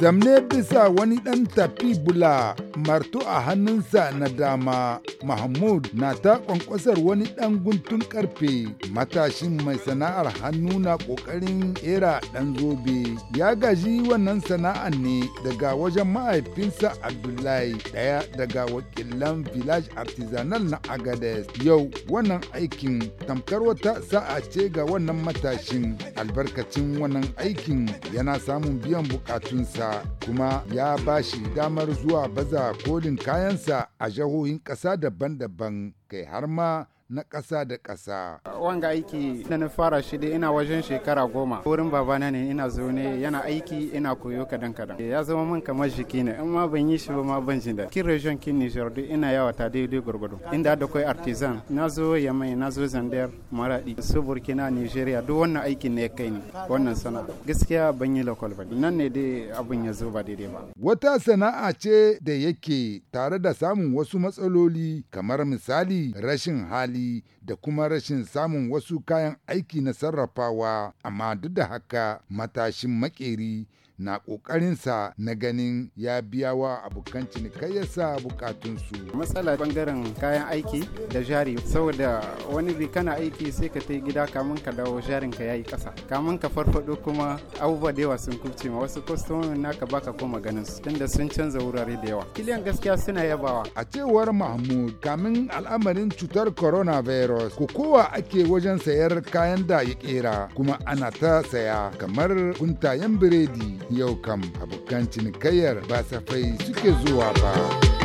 zamne bisa wani ɗan tafi bula martu a hannunsa na dama mahmud na ta kwankwasar wani ɗan guntun karfe matashin mai sana'ar hannu na ƙoƙarin era ɗan zobe ya gaji wannan sana'ar ne daga wajen mahaifinsa abdullahi ɗaya daga wakilan village artisanal na agades yau wannan aikin tamkar wata sa'a ce ga wannan matashin albarkacin wannan aikin yana samun biyan bukatunsa kuma ya bashi damar zuwa baza kodin kolin kayansa a jihohin ƙasa daban-daban. kai har ma na ƙasa da ƙasa. Wanga aiki da na fara shi dai ina wajen shekara goma. Wurin babana ne ina zaune yana aiki ina koyo kadan kadan. Ya zama min kamar jiki ne in ma ban yi shi ba ma ban jin da. Kin region kin Niger duk ina yawa ta daidai gwargwado. Inda da kai artisan na zo Yamai na zo Zandar Maradi su Burkina Nigeria duk wannan aikin ne kai ne wannan sana'a. Gaskiya ban yi lokal ba nan ne dai abun ya zo ba daidai ba. Wata sana'a ce da yake tare da samun wasu matsaloli kamar misali misali rashin hali da kuma rashin samun wasu kayan aiki na sarrafawa, amma duk da haka matashin makeri na ƙoƙarinsa na ganin ya biya wa abokan cinikayyarsa bukatunsu. Matsala bangaren kayan aiki da jari saboda wani bi kana aiki sai ka tai gida kamun ka dawo jarin ka yayi ƙasa kamun ka farfado kuma abubuwa da yawa sun kubce ma wasu kwastomomin naka baka koma ganin su tunda sun canza wurare da yawa. Kiliyan gaskiya suna yabawa. A cewar Mahmud kamin al'amarin cutar coronavirus kokowa ake wajen sayar kayan da ya kera kuma ana ta saya kamar kuntayen biredi yau kam abokan cinikayyar ba safai suke zuwa ba.